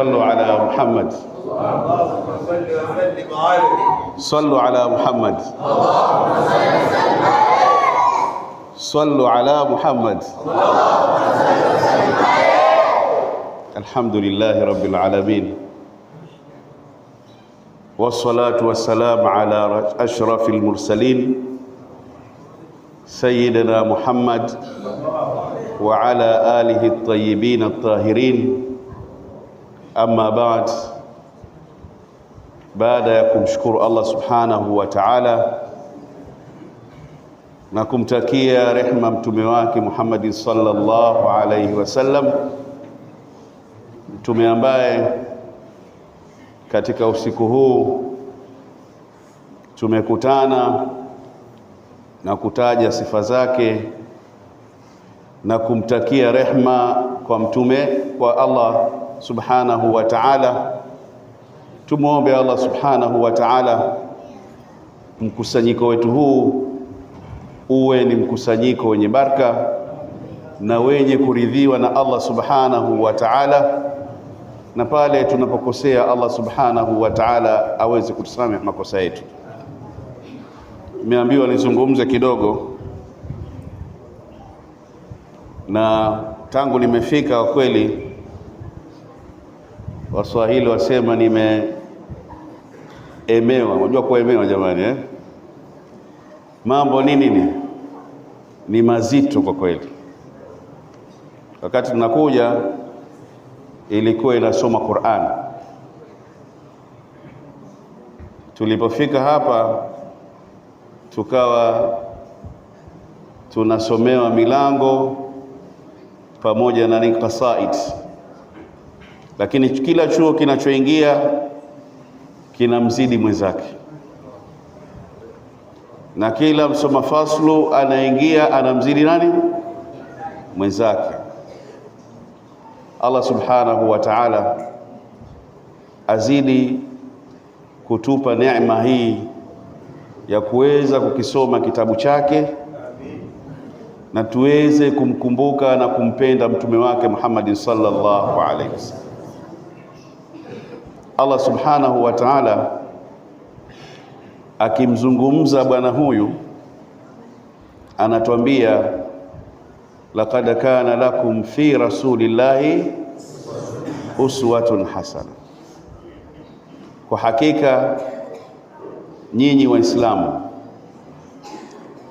صلوا على محمد صلوا على محمد صلوا على محمد الحمد لله رب العالمين والصلاة والسلام على أشرف المرسلين سيدنا محمد وعلى آله الطيبين الطاهرين Amma baad, baada ya kumshukuru Allah subhanahu wa ta'ala na kumtakia rehma mtume wake Muhammad sallallahu alayhi wasallam, mtume ambaye katika usiku huu tumekutana na kutaja sifa zake na kumtakia rehma kwa mtume kwa Allah subhanahu wa ta'ala. Tumwombe Allah subhanahu wa ta'ala mkusanyiko wetu huu uwe ni mkusanyiko wenye baraka na wenye kuridhiwa na Allah subhanahu wa ta'ala, na pale tunapokosea Allah subhanahu wa ta'ala aweze kutusamehe makosa yetu. Nimeambiwa nizungumze kidogo na tangu nimefika kwa kweli Waswahili wasema nimeemewa. Unajua kuemewa jamani eh? Mambo ni nini? Ni mazito kwa kweli. Wakati tunakuja ilikuwa inasoma Qur'an. Tulipofika hapa tukawa tunasomewa milango pamoja na kasaid lakini kila chuo kinachoingia kinamzidi mwenzake, na kila msoma faslu anaingia anamzidi nani mwenzake. Allah subhanahu wa ta'ala azidi kutupa neema hii ya kuweza kukisoma kitabu chake na tuweze kumkumbuka na kumpenda mtume wake Muhammad sallallahu alaihi wasallam. Allah subhanahu wa ta'ala akimzungumza bwana huyu anatuambia laqad kana lakum fi rasulillahi uswatun hasana, kwa hakika nyinyi Waislamu,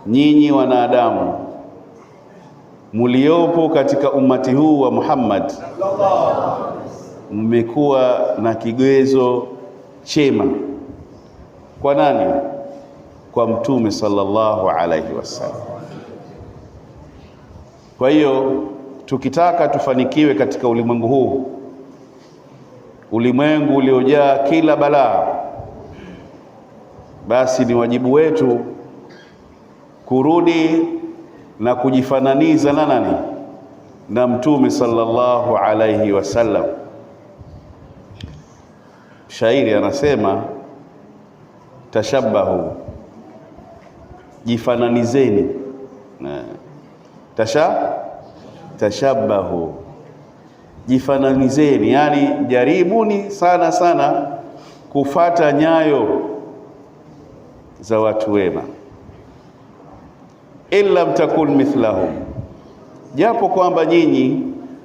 nyinyi wanadamu muliopo katika ummati huu wa Muhammad mmekuwa na kigezo chema kwa nani? Kwa Mtume sallallahu alaihi wasallam. Kwa hiyo tukitaka tufanikiwe katika ulimwengu huu, ulimwengu uliojaa kila balaa, basi ni wajibu wetu kurudi na kujifananiza na nani? Na Mtume sallallahu alaihi wasallam shairi anasema, tashabahu, jifananizeni. Tasha tashabahu, jifananizeni, yani jaribuni sana sana kufata nyayo za watu wema, in lam takun mithlahum, japo kwamba nyinyi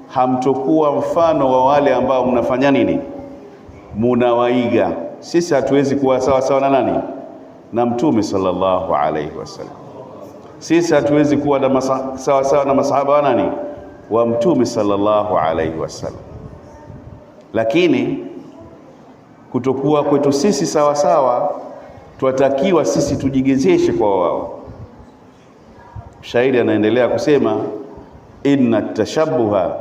hamtokuwa mfano wa wale ambao mnafanya nini munawaiga. Sisi hatuwezi kuwa sawa sawa na nani? Na Mtume sallallahu alaihi wasallam. Sisi hatuwezi kuwa na sawa sawa na masahaba wa nani? Wa Mtume sallallahu alaihi wasallam. Lakini kutokuwa kwetu sisi sawa sawa, twatakiwa sisi tujigezeshe kwa wao. Shairi anaendelea kusema inna tashabuha,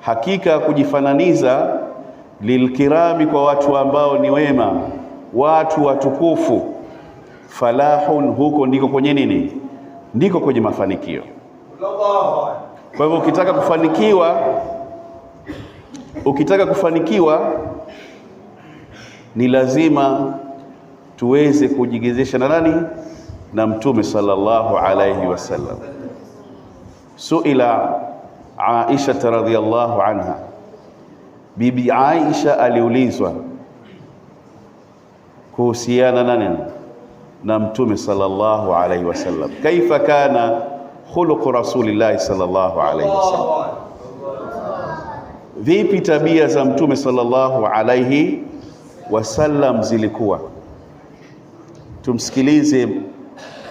hakika kujifananiza lilkirami, kwa watu ambao ni wema, watu watukufu. Falahun, huko ndiko kwenye nini? Ndiko kwenye mafanikio. Kwa hivyo ukitaka kufanikiwa, ukitaka kufanikiwa ni lazima tuweze kujigezesha na nani? Na Mtume sallallahu alayhi wasallam. Suila Aisha radhiyallahu anha Bibi Aisha aliulizwa kuhusiana na nini? Na Mtume sallallahu alaihi wasallam, kaifa kana khuluqu rasulillahi sallallahu alaihi wasallam, vipi tabia za Mtume sallallahu alaihi wasallam zilikuwa. Tumsikilize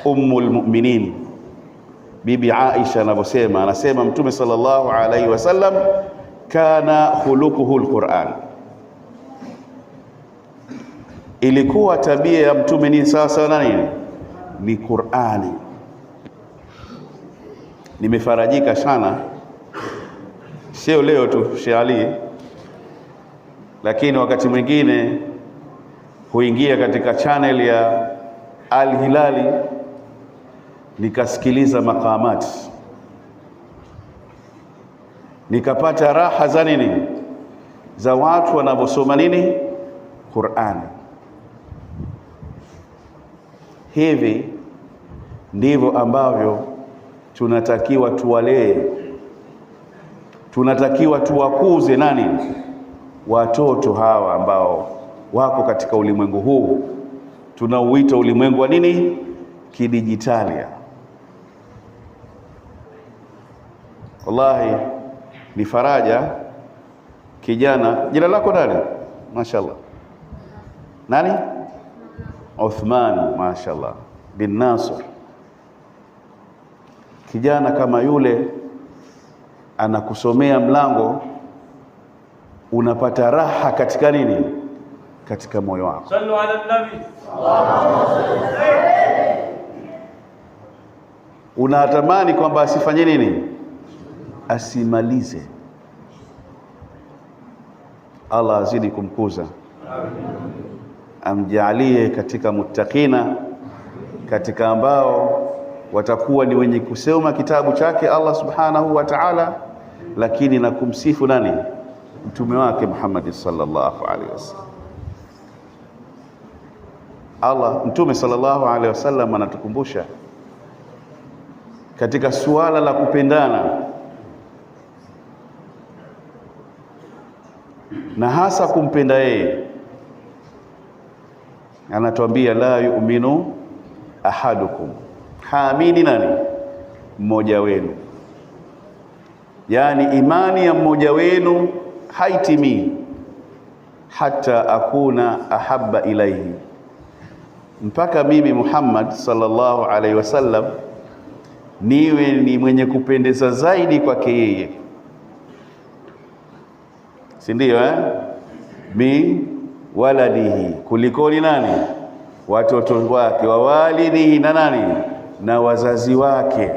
Ummul Mu'minin Bibi Aisha anavyosema, anasema Mtume sallallahu alaihi wasallam kana khuluquhu alquran, ilikuwa tabia ya mtume ni sasa na nini, ni Qurani. Nimefarajika sana, sio leo tu shali lakini wakati mwingine huingia katika channel ya alhilali nikasikiliza makamati nikapata raha za nini, za watu wanavyosoma nini Qur'an. Hivi ndivyo ambavyo tunatakiwa tuwalee, tunatakiwa tuwakuze nani, watoto hawa ambao wako katika ulimwengu huu tunauita ulimwengu wa nini, kidijitalia. Wallahi ni faraja kijana. Jina lako nani? Mashaallah, nani? Uthman, mashaallah bin Nasr. Kijana kama yule anakusomea mlango, unapata raha katika nini? Katika moyo wako. Sallu ala nabi. Unatamani kwamba asifanye nini asimalize. Allah azidi kumkuza, amjaalie katika muttaqina, katika ambao watakuwa ni wenye kusoma kitabu chake Allah subhanahu wa ta'ala, lakini na kumsifu nani? Mtume wake Muhammad sallallahu alaihi wasallam. Allah Mtume sallallahu alaihi wasallam anatukumbusha katika suala la kupendana na hasa kumpenda yeye. Anatuambia la yu'minu ahadukum, haamini nani? Mmoja wenu. Yaani imani ya mmoja wenu haitimii hata akuna ahabba ilaihi, mpaka mimi Muhammad sallallahu alaihi wasallam niwe ni mwenye kupendeza zaidi kwake yeye si ndio eh? bi waladihi, kulikoni nani? Watoto wake, wawalidihi na nani, na wazazi wake,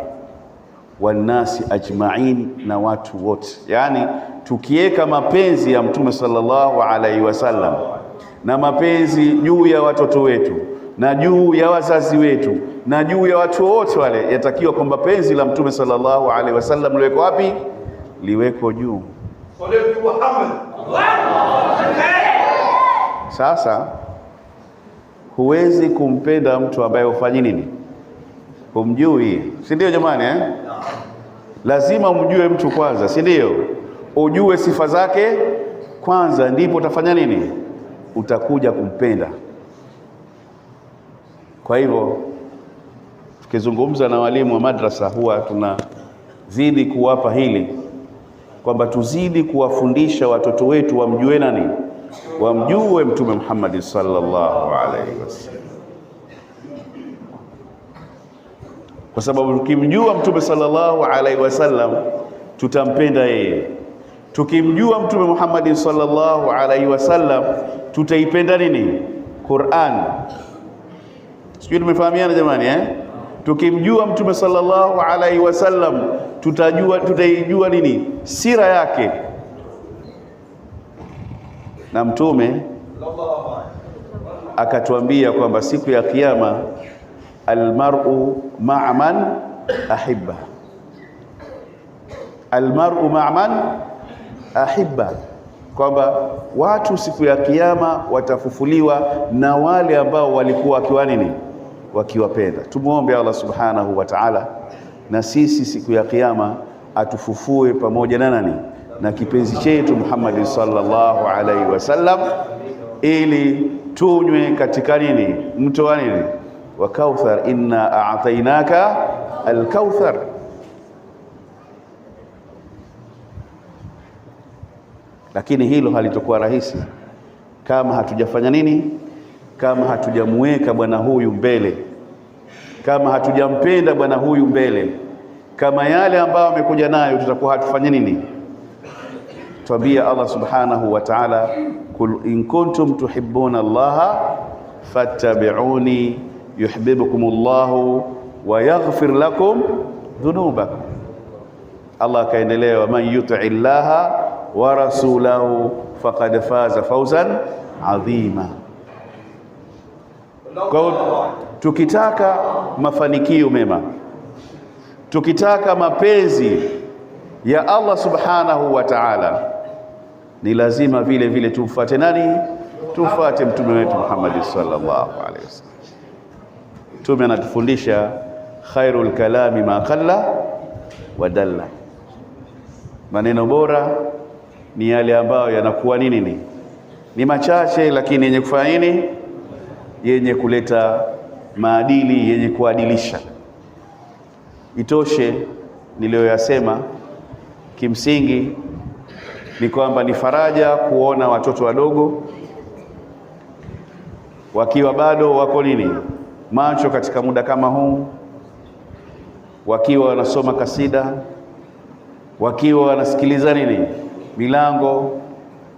wanasi ajmain, na watu wote. Yani tukiweka mapenzi ya Mtume sallallahu alaihi wasallam na mapenzi juu ya watoto wetu na juu ya wazazi wetu na juu ya watu wote wale, yatakiwa kwamba penzi la Mtume sallallahu alaihi wasallam liweko wapi? Liweko juu. Sasa huwezi kumpenda mtu ambaye hufanyi nini, humjui, si ndio? Jamani eh? Lazima umjue mtu kwanza, si ndio? Ujue sifa zake kwanza, ndipo utafanya nini, utakuja kumpenda. Kwa hivyo tukizungumza na walimu wa madrasa huwa tunazidi kuwapa hili kwamba tuzidi kuwafundisha watoto wetu wamjue nani, wamjue Mtume Muhammad sallallahu alaihi wasallam, kwa sababu tukimjua Mtume sallallahu alaihi wasallam tutampenda yeye. Tukimjua Mtume Muhammad sallallahu alaihi wasallam tutaipenda nini? Qur'an. Sijui tumefahamiana jamani eh? tukimjua mtume sallallahu alaihi wasallam tutajua tutaijua nini sira yake na mtume akatuambia kwamba siku ya kiyama almar'u ma'a man ahibba almar'u ma'a man ahibba kwamba watu siku ya kiyama watafufuliwa na wale ambao walikuwa wakiwa nini wakiwapenda. Tumwombe Allah subhanahu wa ta'ala, na sisi siku ya Kiyama atufufue pamoja na nani na kipenzi chetu Muhammad sallallahu alaihi wasallam, ili tunywe katika nini, mto wa nini wa Kauthar. Inna a'tainaka alkauthar Lakini hilo halitokuwa rahisi kama hatujafanya nini kama hatujamweka bwana huyu mbele, kama hatujampenda bwana huyu mbele, kama yale ambayo amekuja nayo, tutakuwa hatufanye nini? Twambia Allah subhanahu wa ta'ala, kul in kuntum tuhibbuna Allaha fattabi'uni yuhibbukumullahu wa yaghfir lakum dhunubakum. Allah akaendelea, waman yuti llaha wa rasulahu faqad faza fawzan adhima kwa hiyo tukitaka mafanikio mema, tukitaka mapenzi ya Allah subhanahu wa ta'ala, ni lazima vile vile tumfuate nani? Tumfuate mtume wetu Muhammad sallallahu alaihi wasallam. Mtume anatufundisha khairul kalami ma qalla wa dalla, maneno bora ni yale ambayo yanakuwa nini ni machache, lakini yenye kufanya nini yenye kuleta maadili yenye kuadilisha. Itoshe niliyoyasema kimsingi ni kwamba ni faraja kuona watoto wadogo wakiwa bado wako nini, macho katika muda kama huu, wakiwa wanasoma kasida, wakiwa wanasikiliza nini milango,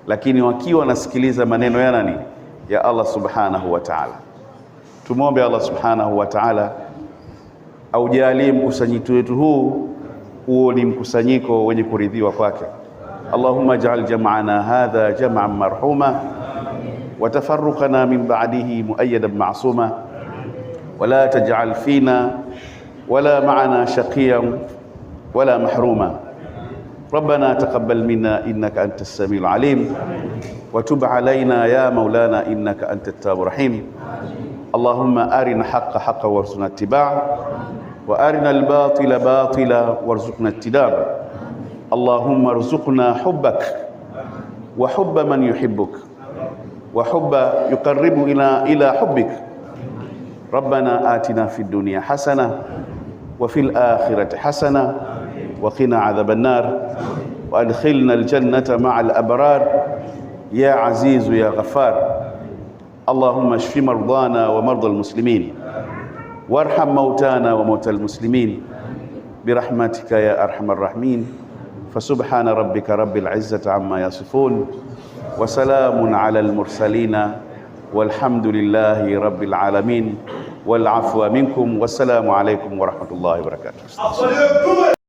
lakini wakiwa wanasikiliza maneno ya nani ya Allah subhanahu wa ta'ala. Tumwombe Allah subhanahu wa ta'ala aujalie mkusanyiko wetu huu huo ni mkusanyiko wenye kuridhiwa kwake. Allahumma ij'al jam'ana hadha jam'an marhuma wa tafarruqana min ba'dihi muayyadan ma'suma wa la taj'al fina wala ma'ana shaqiyan wala mahruma ربنا تقبل منا إنك أنت السميع العليم وتب علينا يا مولانا إنك أنت التواب الرحيم اللهم أرنا الحق حقا وارزقنا اتباعه وأرنا الباطل باطلا وارزقنا اجتنابه اللهم ارزقنا حبك وحب من يحبك وحب يقرب إلى إلى حبك ربنا آتنا في الدنيا حسنة وفي الآخرة حسنة وقنا عذاب النار وأدخلنا الجنة مع الأبرار يا عزيز يا غفار اللهم اشف مرضانا ومرضى المسلمين وارحم موتانا وموتى المسلمين برحمتك يا أرحم الراحمين فسبحان ربك رب العزة عما يصفون وسلام على المرسلين والحمد لله رب العالمين والعفو منكم والسلام عليكم ورحمة الله وبركاته